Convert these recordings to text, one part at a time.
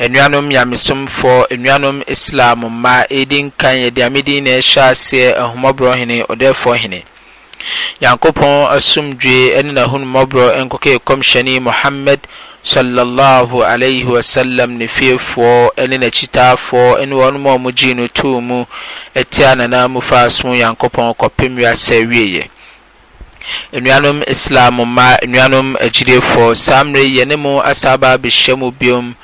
nnuanom nyamesomfoɔ nnuanom islam mmaa ɛdi nkan yɛde amedin na ɛhyɛ aseɛ ahomɔborɔ hene ɔdɛɛfoɔ hene nyankopɔn asomdwe ɛne n'ahonomɔborɔ nkɔkɛ kɔmhyɛne muhammad sallallahu alaihi wasallam ne fiefoɔ ne n'akyitaafoɔ ɛne wɔn mu a wɔgyee no too mu ɛtia nana mu fa so nyankopɔn kɔpem wiasɛ wieɛ nnuanom islam ma nnuanom agyidefoɔ saa mmerɛ yɛne mu asaba abɛhyɛ mu biom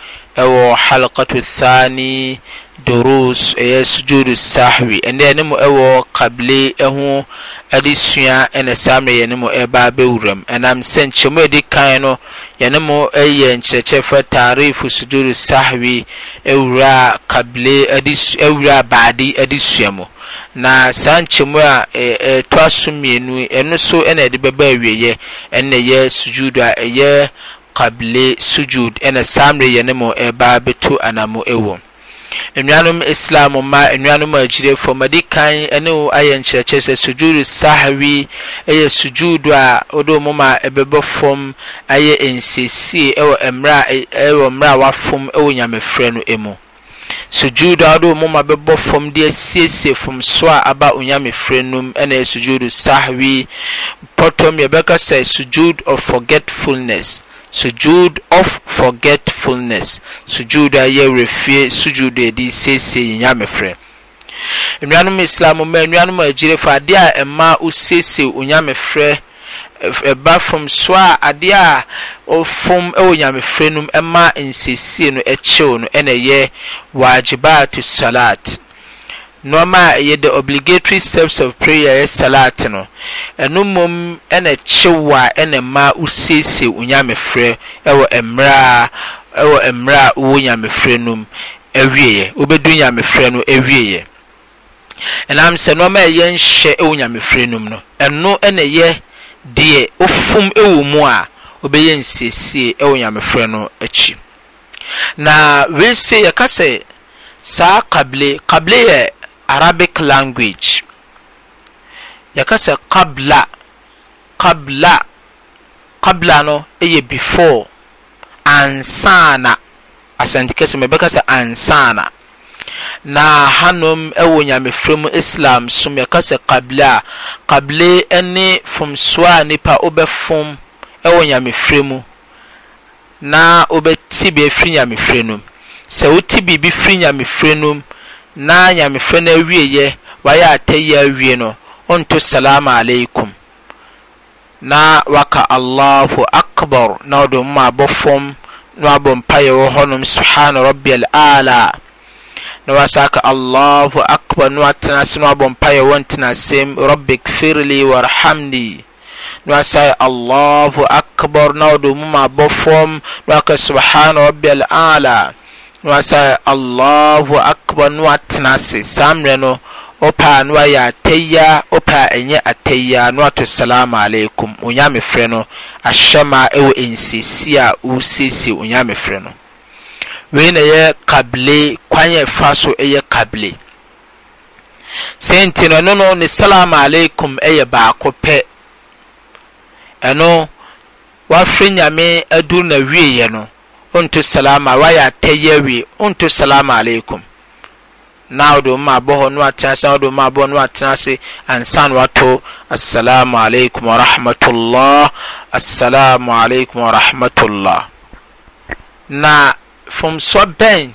ɛwɔ halakatu thani durus ɛyɛ sujudu sahwi ɛnna ɛne mu ɛwɔ kabile ɛho ɛde sua ɛna saamɛ yɛne mu ɛba abɛwura mu ɛnam sɛ nkyɛmu a ɛdi kan no yɛne mu ɛyɛ nkyerɛkyerɛ fɛ taarifu sujudu sahwi ɛwura kabile ɛde ɛwura baade ɛde sua mu na saa nkyɛmu a ɛɛtɔ aso mmienu ɛno so ɛna ɛde bɛba awieɛ ɛna ɛyɛ sujudu a ɛyɛ kable sujud ɛna samre yɛ ne mo ɛba bɛtu anamo ɛwɔ nnuanom islam ma nnuanom agyirefo madi kan ɛne wo ayɛ nkyerɛkyerɛ sɛ sujudu sahwi ɛyɛ sujudu a wode mo ma ɛbɛbɔ fam ayɛ nsiesie ɛwɔ mmerɛ ɛwɔ mmerɛ a wafom ɛwɔ nyamefrɛ no mu sujudu a wode mo ma bɛbɔ fam de asiesie fam so a aba onyamefrɛ no mu ɛna ɛyɛ sujudu sahwi pɔtɔm yɛbɛka sɛ sujud of forgetfulness sujud of forgetfulness sujud a yɛ refie sujud a yɛde siesie nyame frɛ nnuanom islam mmaa nnuanom agyire fa adeɛ a ɛma osiesie onyame frɛ ɛba from so a adeɛ a ɔfam ɛwɔ nyamefrɛ nom ɛma nsiesie no ɛkyew no ɛna ɛyɛ wajibat salat nneɛma a ɛyɛ the obligatory steps of prayer yɛ salat no ɛno mmom ɛna kyew a ɛna mma wosiesie onyamefrɛ ɛwɔ mmerɛ a ɛwɔ mmerɛ a wɔwɔ nyamefrɛ no mu awieɛ wobɛdu nyamefrɛ no awieɛ ɛnam sɛ nneɛma a ɛyɛ ɛwɔ nyamefrɛ no mu no ɛno ɛna ɛyɛ deɛ ofum ɛwɔ mu a wobɛyɛ nsiesie ɛwɔ nyamefrɛ no akyi na wei se yɛka sɛ saa kable kable yɛ arabic language yɛkɛ sɛ kablea kabla kablea no ɛyɛ befoe ansaana asantikɛ sɛ mɛbɛka sɛ ansaana na hanom ɛwɔ nyame firɛ mu islam som yɛkɛ sɛ kable a kablee ne fomsoaa nnipa wobɛfom ɛwɔ nyame firɛ mu na wobɛtibia firi nyame firɛ nom sɛ wo ti biribi firi nyame firɛ num na nyamefo no awieyɛ wayɛ atayi awie no ɔnto salamu aleikum na waka allahu akbar na ɔde mma abɔ na wabɔ mpayɛ wɔ hɔnom subhana rabbi al'ala na wasa ka allahu akbar na watena ase na wabɔ mpayɛ wɔ ntena asɛm rabbi kfirli warhamni na wasa allahu akbar na ɔde mma abɔ na waka subhana rabbi al'ala wasa allahu akbar no atena ase saa mmerɛ no ɔpaa no ayɛ atayia ɔpaa ɛnyɛ atayia no ato salamu alaikum onyame frɛ no ahyɛma ɛwɔ nsiesie a ɔresiesie onyame frɛ no wei na ɛyɛ kabile kwan a ɛfa so ɛyɛ kabile sɛnti no ɛno no ne salamu alaikum ɛyɛ baako pɛ ɛno wafrɛ nyame aduru na wieɛ no salam a wa yɛa tɛ ya wi on to salamu alaikum na wadoma bɔfɔ no atnas n wdomabɔɔ nu atenasi ansane wa to assalam alaikum warahmatllah assalamu aleikum warahmatullah na fum sɔ bɛn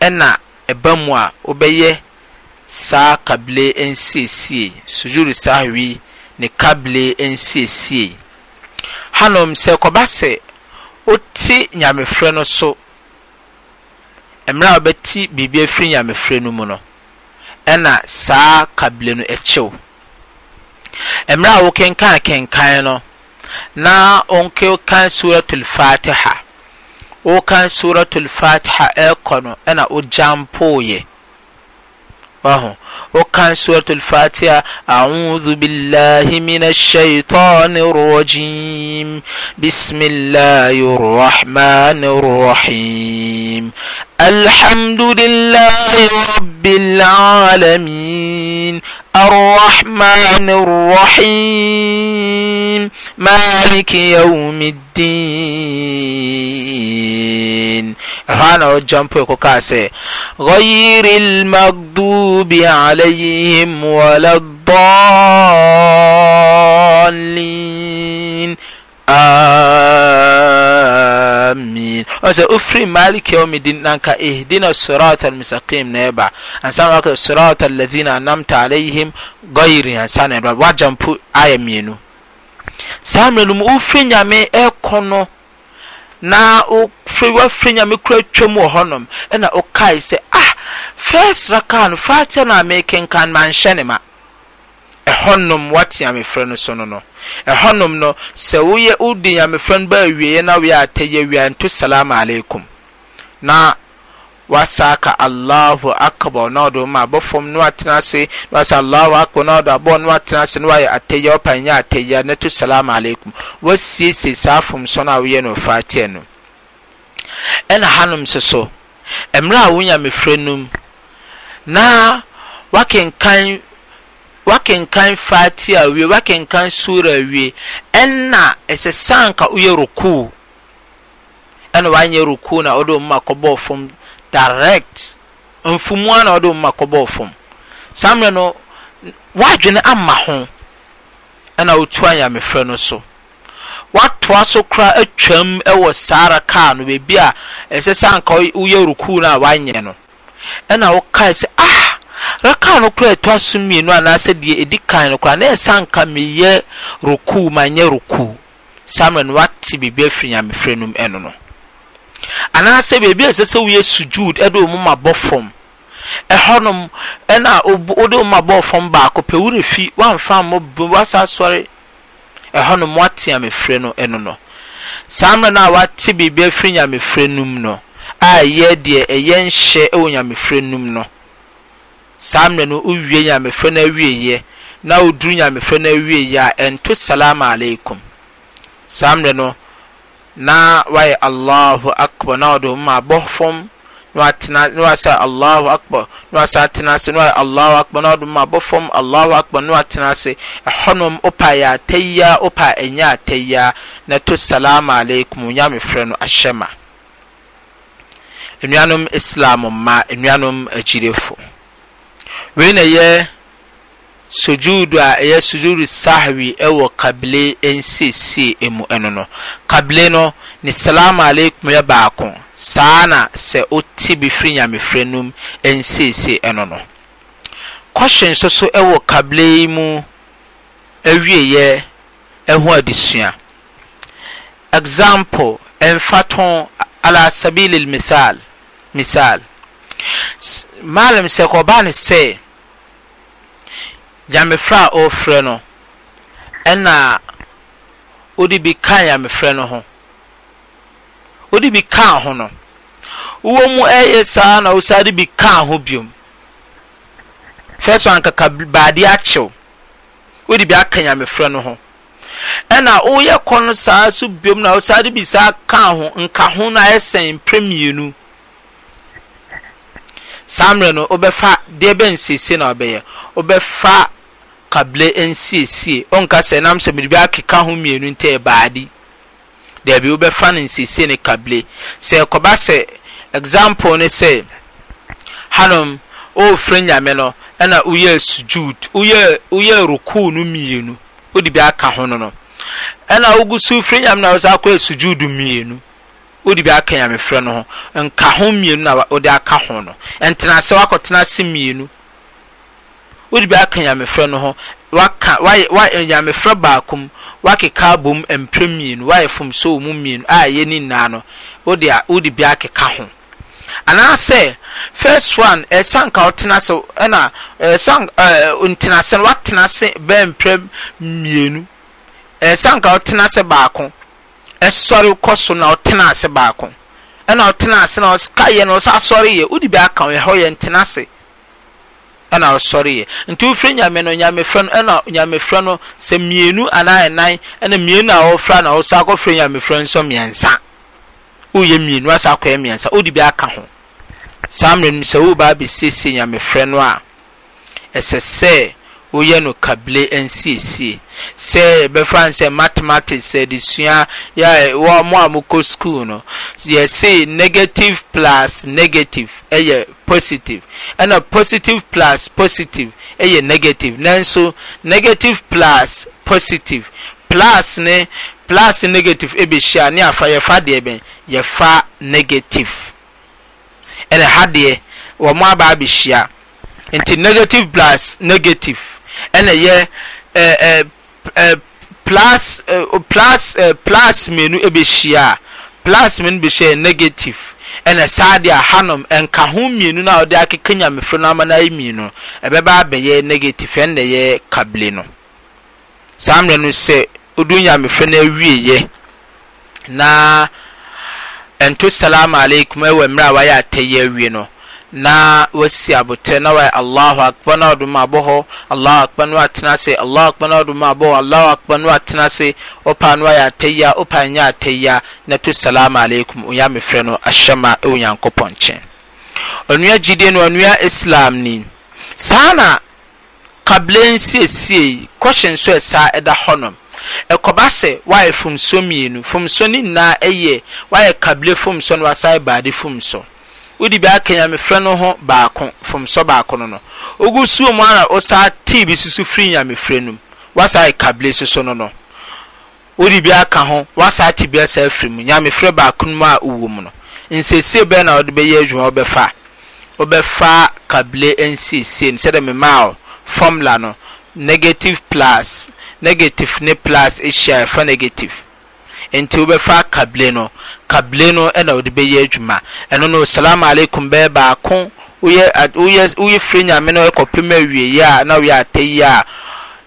ɛna aba mu a wo bɛyɛ saa kabile n siesie suzuuru saa wi ne kabile n siesie hanm sɛkɔbasɛ wote nyamefrɛ no so mmerɛ a wobɛte biribi afiri nyamefrɛ no mu no ɛna saa kabile no akyew mmerɛ a wokenkan kenkan no na wonkenkan suratul fatiha wokan suratul fatiha ɛkɔ no ɛna wogyampoyɛ وهو وكان سورة الفاتحة أعوذ بالله من الشيطان الرجيم بسم الله الرحمن الرحيم الحمد لله رب العالمين الرحمن الرحيم مالك يوم الدين هانا جامبو كوكاسي غير المغضوب عليهم ولا الضالين amin ɔsɛ ofiri maliki yawmi din nanka ihdina sirata almustaqim na ɛba ansa na wakɛ sirata alladhina anamta alayhim gɔyiri ansa na ɛba wagyampo ayɛ mmienu saa mmerɛ no mu wofiri nyame ɛkɔ no na wofiri wafiri nyame kura twam wɔ hɔnom ɛna wokae sɛ ah first raka no fatia na amekenkan manhyɛ ne ma ɛhɔnom wate nyamefrɛ no so no no ɛhɔnom no sɛ woyɛ wodi nyamefrɛ no baa awieɛ na woyɛ atɛyɛ awia nto salamu alaikum na wasaka allahu akbar na ɔde ma abɔ fam no atena ase na wasa allahu akbar na ɔde abɔ no atena ase na wayɛ atɛyɛ ɔpa nyɛ atɛyɛ na to salamu alaikum wasiesie saa fam so no woyɛ no ɔfa ateɛ no ɛna hanom so so mmerɛ a wo nyamefrɛ no na wakenkan wakenkan fatia wie wakenkan sura wie ɛnna ɛsɛ sanka woyɛ rukuu ɛna wanyɛ rukuu na ɔde ɔmo akɔbɔɔ fam direct mfumua na ɔde ɔmo akɔbɔɔ fam saa mmerɛ no wadwene ama ho ɛna wotua nyamefrɛ no so watoa so kora atwam ɛwɔ saara kaa no beebi a ɛsɛ sanka woyɛ rukuu na wanyɛ no ɛna wokae sɛ ah raka no kora ɛtɔ so mmienu anaasɛ deɛ edi kan no kora na ɛsa nka meyɛ rukuu ma nyɛ rukuu samuel no wate biribi afiri nyamefrɛ nom ɛno no anaasɛ biribi a ɛsɛ sɛ woyɛ sujud ɛde wo moma bɔ fam ɛhɔnom ɛna wode wo ma bɔɔ fam baako pɛ worɛ fi woamfa bu wasa asɔre ɛhɔnom woate nyamefrɛ no ɛno no saa mmerɛ no a woate biribi afiri nyamefrɛ nom no a ɛyɛ deɛ ɛyɛ nhyɛ ɛwɔ nyamefrɛ nom no saa mmerɛ no wowie nyamefrɛ no yɛ. na woduru nyamefrɛ no yɛ a ɛnto salama alaikum saa mmerɛ no na wayɛ allahu akbar na wɔde ma abɔ fam na watena na wasa allahu akbar na wasa atena ase na wayɛ allahu akbar na wɔde ma abɔ fam allahu akbar na watena ase ɛhɔnom opa yɛ atayia opa ɛnyɛ atayia na to salama alaikum nyamefrɛ no ahyɛ ma nnuanom islam ma nnuanom agyirefo wei na ɛyɛ sudjuud a ɛyɛ sudjudu sahre ɛwɔ kabile nsiesie mu ɛno no kabile no ne salamu alaikum yɛ baako saa na sɛ oti be firi nyamefirɛ nom ɛnsiesie ɛno no kɔhwenso so ɛwɔ kable yi mu awieyɛ ho adesua example mfaton alasabile al iamisal malm sɛ kɔɔbane sɛ nyamefrɛ a ɔrefrɛ no ɛna wode bi ka nyamefrɛ no ho wode bi ka ho no wowɔ mu ɛyɛ saa na wosa de bi ka ho biom fɛs so ankaka baade akyew wode bi aka nyamefrɛ no ho ɛna woyɛ kɔ no saa so biom na wosa de bi saa ka ho nka ho no ayɛ sɛn mprɛ mmienu samre mmerɛ no wobɛfa deɛ bɛ nsiesie na ɔbɛyɛ wobɛfa kable nsiesie ɔnka sɛ nam sɛ biribi akeka ho mmienu nti ɛbaade daabi wobɛfa no nsiesie ne kable sɛ ɛkɔba sɛ example ne sɛ hanom wɔrefrɛ nyame no ɛna woyɛ sujud woyɛ woyɛ rukuu no mmienu wode bi aka ho no no ɛna wogu so frɛ nyame na wo sa akɔyɛ sujud mmienu wode bi aka nyame frɛ no ho nka ho mmienu na wode aka ho no ɛntena sɛ wakɔtena ase mmienu wode bi aka nyame frɛ no ho waka wayɛ wayɛ nyame frɛ baako mu wakeka abom mpere mmienu wayɛ fom so mu mmienu a ɛyɛ ne nyinaa no wode a wode bi akeka ho anaasɛ first one ɛsan ka ɔtena sɛ ɛna ɛsan ɛɛ ntena sɛ watena sɛ bɛɛ mpere mmienu ɛsan ka ɔtena sɛ baako. ɛsɔre kɔ so na ɔtena ase baako ɛna ɔtena ase na ɔka yɛ na ɔsa asɔre yɛ wodi bi aka ɛhɔ yɛ ntena ase ɛna ɔsɔre yɛ nti wofiri nyame no nyamefrɛ no ɛna nyamefrɛ no sɛ mmienu anaa ɛnan ɛna mmienu a ɔfra na ɔsa akɔfiri nyamefrɛ nso mmiɛnsa woyɛ mmienu asa akɔyɛ mmiɛnsa wodi bi aka ho saa mmerɛ no sɛ wobaa bɛsiesie nyamefrɛ no a ɛsɛ sɛ woyɛ no kabile nsiesie sɛ bɛfa n sɛ mathematics sɛ de sua yɛ wɔ mo a mokɔ school no yɛse negative plus negative ɛyɛ positive ɛna positive plus positive ɛyɛ negative nanso negative plus positive plus ne plus negative ɛbɛhyia ne afa yɛfa deɛ bɛn yɛfa negative ɛna ha deɛ wɔn aba abɛhyia nti negative plus negative ɛna ɛyɛ ɛɛ ɛɛ ɛɛ plus ɛɛ plus ɛɛ plus mmienu ɛbɛhyia plus mmienu bɛhyia negative ɛna saa deɛ ahanom nka ho mmienu na a wɔde akeka nyamefo no ama no ayɛ mmienu ɛbɛba abɛyɛ negative ɛna ɛyɛ kable no saa mmerɛ no sɛ odu nyamefo no awieɛ na ɛnto salaam aleikum ɛwɔ mmerɛ a wɔayɛ atɛyɛ awie no na wasi abotire na wa allahu akpa na ɔdom abɔ hɔ allahu akpa no atena se allahu akpa na ɔdom abɔ hɔ allahu akpa no atena se ɔpa no ayɛ atayia ɔpa nyɛ atayia na to salamu alaikum onya mefrɛ no ahyɛma ɛwɔ nyankopɔn nkyɛn ɔnua gyidie no ɔnua islam ni saa na kabila nsiesie kɔhyɛ nso ɛsaa ɛda hɔnom ɛkɔba sɛ wayɛ fomso mmienu fomso ne nyinaa ɛyɛ wayɛ kabila fomso na wasan baade fomso wodi bi aka nyamefrɛ no ho baako fomsɔ baako no no ogu suo mu ara osaa tee bi susu firi nyamefrɛ no mu wasa ekabile soso no no wodi bi aka ho wasa te bi asa afiri mu nyamefrɛ baako no mu a owɔ mu no nsiesie bɛyɛ na ɔde bɛyɛ adwuma ɔbɛfa ɔbɛfa kabile nsiesie no sɛdeɛ mmaa o formula no negative plus negative ne plus ehyia ɛfa negative nti wobɛfa kable no kable no ɛna wode bɛyɛ adwuma ɛno no salamu alaikum bɛɛ baako woyɛ woyɛ woyɛ firi nyame na wɔkɔpem awieeɛ a na woyɛ atɛyi a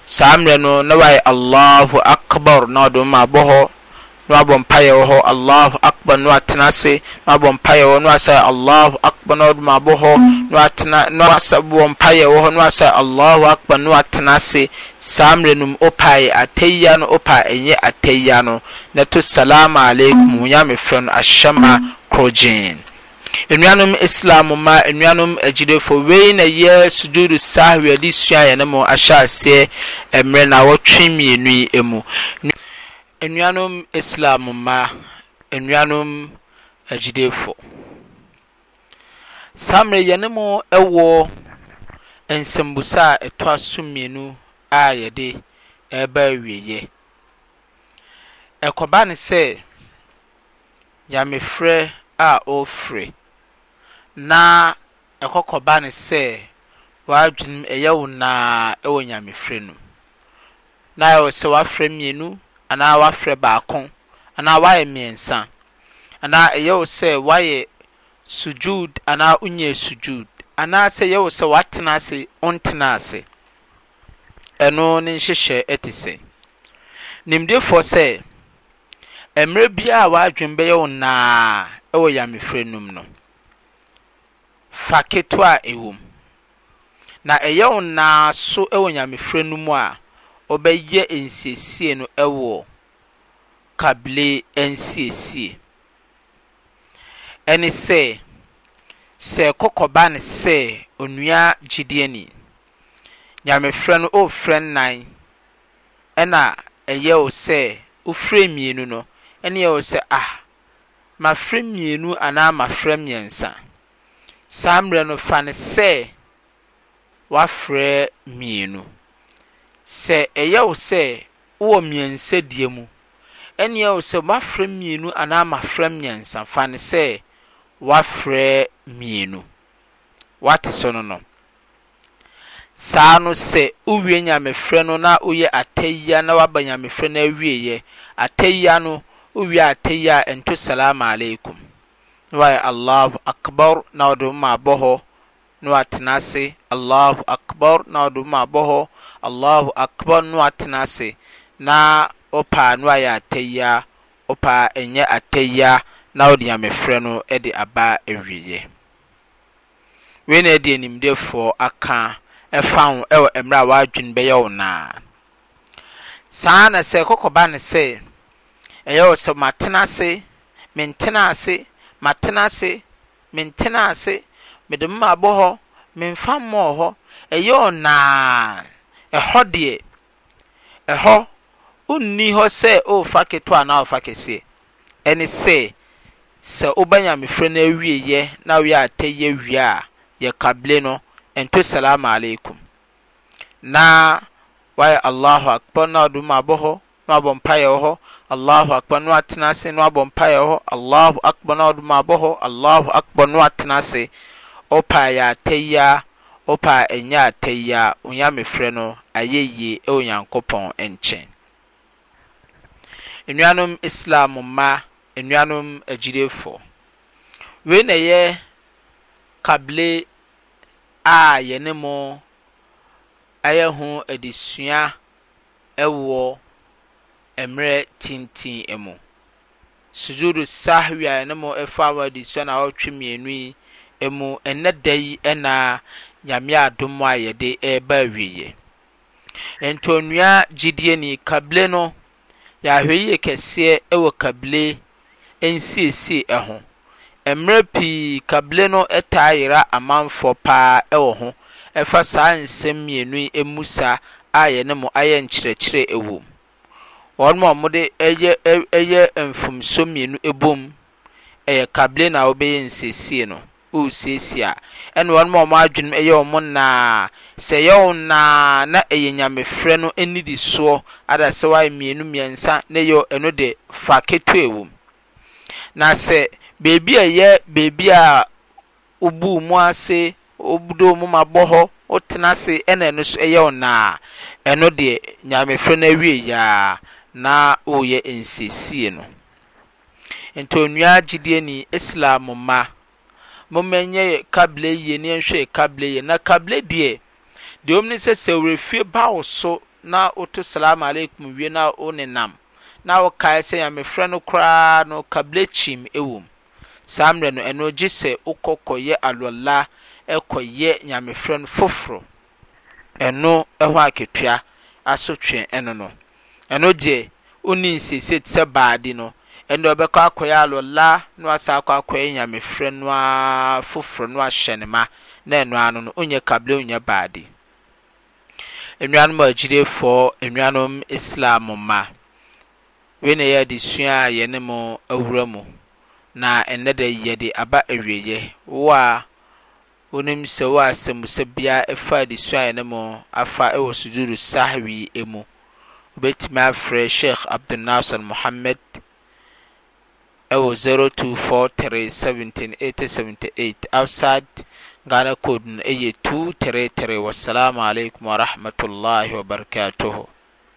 saa mmerɛ no na wayɛ allahu akbar na ɔde ma abɔ hɔ na wabɔ mpaeɛ wɔ hɔ allahu akbar na watena ase na wabɔ mpaeɛ wɔ na wasa allahu akbar na ɔdoma abɔ hɔ na watena na wasa bɔ mpaeɛ wɔ hɔ na wasa allahu akbar na watena ase saa mmerɛ no mu opaeɛ atɛyia no opa ɛnyɛ atɛyia no na to salamu alaikum onyame frɛ no ahyɛma korogyen nnuanom islam ma nnuanom agyidefo wei na yɛ sujudu sahwi adi sua yɛn mo ahyɛ aseɛ mmerɛ na wɔtwe mmienu yi mu nnuanom islam mmaa nnuanom agyidefo saa mmerɛ yɛne mu ɛwɔ nsɛmbusa a ɛtɔ so mmienu a yɛde ɛreba awieeɛ ɛkɔba ne sɛ nyamefrɛ a ɔrefrɛ na ɛkɔkɔba ne sɛ w'adwenem ɛyɛ wo naa ɛwɔ nyamefrɛ no na ɛwɔ sɛ w'afrɛ mmienu anaa wafrɛ baako anaa wayɛ mmiɛnsa anaa ɛyɛ wo sɛ wayɛ sujud anaa wonyɛ sujud anaa sɛ ɛyɛ wo sɛ watena ase wontena ase ɛno ne nhyehyɛ ɛte sɛ nimdefoɔ sɛ mmerɛ biara a wadwen bɛyɛ wo naa ɛwɔ yamefrɛ num no fa ketewa ɛwom na ɛyɛ wo naa so ɛwɔ no mu a ɔbɛyɛ nsiesie no ɛwɔ kablee nsiesie Ɛne sɛ sɛ kɔkɔ ba no sɛ onua gyidiani nyamefrɛ no ɔrefrɛ nnan ɛna ɛyɛ wo sɛ wofrɛ mmienu no ɛne yɛ wo sɛ ah mafrɛ mmienu anaa mafrɛ mmiɛnsa saa mmerɛ no fa no sɛ wafrɛ mmienu sɛ ɛyɛ wo sɛ wowɔ mmiɛnsa deɛ mu ɛne ɛyɛ wo sɛ mafrɛ mmienu anaa mafrɛ mmiɛnsa fa ne sɛ wafrɛ mmienu wate so no no saa no sɛ wowie nyamefrɛ no na woyɛ atayia na waba nyamefrɛ no awieɛ atayia no wowie atayia a ɛnto salaam aleikum na wayɛ allahu akbar na wɔde ma abɔ hɔ na watena ase allahu akbar na wɔde ma abɔ hɔ allahu akbar no atena ase na ɔpaa no ayɛ atayia ɔpaa ɛnyɛ atayia na ɔde nyamefrɛ no de aba awieɛ wei na ɛde animdefoɔ aka ɛfa ho ɛwɔ mmerɛ a wɔadwene bɛyɛ wo naa saa na sɛ kɔkɔba ne sɛ ɛyɛ wɔ sɛ matena ase mentena ase matena ase mentena ase mede mma abɔ hɔ memfa mmɔɔ hɔ ɛyɛ ɔnaa ɛhɔ deɛ ɛhɔ onni hɔ sɛ ɔrefa oh, ketewa anaa ɔrefa kɛseɛ ɛne sɛ sɛ wobɛnya mefrɛ no awieɛ na woyɛ atɛyɛ wie a yɛkable no ɛnto salamu alaikum na wayɛ allahu akbar na ɔdom abɔ hɔ na wabɔ mpaeɛ wɔ hɔ allahu akbar na watena ase na wabɔ mpaeɛ wɔ hɔ allahu akbar na ɔdom abɔ hɔ allahu akbar na watena ase ɔpa yɛ atɛyɛ a ɔpa ɛnyɛ atɛyɛ a onyame frɛ no ayɛ yie ɛwɔ nyankopɔn nkyɛn nnuanom islam mma nnuanom agyidefo wei na ɛyɛ kable a yɛne mo ayɛ ho adesua ɛwɔ mmerɛ tenten mu sujudu sahwi a yɛne mo ɛfa wɔ adesua na ɔtwe mmienu yi mu ɛnɛ da yi ɛna nyame adom a yɛde ɛreba awieɛ ntonnua gyidie ni kabile no yɛahwɛ yie kɛseɛ ɛwɔ kabile nsiesie ɛho mmerɛ pii kabile no taa yera amanfoɔ paa ɛwɔ ho ɛfa saa nsɛm mmienu yi mu sa a yɛne mo ayɛ nkyerɛkyerɛ wɔ mu wɔn a wɔde ɛyɛ ɛyɛ mfomso mmienu bom ɛyɛ kabile na wɔbɛyɛ nsiesie no woresiesie a ɛna wɔn a wɔn adwene yɛ wɔn naa sɛ ɛyɛ wɔn naa na ɛyɛ nyamefrɛ no anidisoɔ ada sɛ wɔayɛ mmienu mmiɛnsa na ɛyɛ ɛno de fa ketewa wɔ na sɛ beebi a ɛyɛ beebi a obu mu ase obudo mu ma bɔ hɔ wotena ase ɛna ɛno so ɛyɛ wɔn naa ɛno deɛ nyamefrɛ no awie yaa na ɔreyɛ nsiesie no nti onua gyidie ni islam mma. momma nyɛ kable yie na yɛnhwɛ kable yie na kable deɛ deɛ ɔm ne sɛ sɛ wɔrefie ba wo so na woto salam aleikum wie na wo nenam na wokae sɛ nyamefrɛ no koraa no kable kyim ɛwɔ mu saa mmerɛ no ɛno gye sɛ wokɔ kɔyɛ alɔla ɛkɔyɛ nyamefrɛ no foforɔ ɛno ɛho akatua asotwe ɛno no ɛno deɛ wonni nsiesie te sɛ baade no ɛndɛ ɔbɛkɔ akɔeɛ alɔla no asaa kɔ akɔeɛ nyame frɛ no a foforɔ no ahyɛ ne ma na ɛno ar no no wonnyɛ kablenya baade nnwanom agyidefoɔ nnwanom islam ma wei ne yɛ adesuaa yɛne mu awura mu na ɛnnɛ dɛ yɛde aba awieyɛ wo a onom sɛ wo a sɛm sɛ bia ɛfa adesuaa yɛne mu afa ɛwɔ sududu sahwi mu wobɛtumi afrɛ sheh abdunason mohammad ewu 024 3 7 878 outside gana koɗn eye 2 3r 3r wassalamu aleykum wa rahmatullahi wabarakatuhu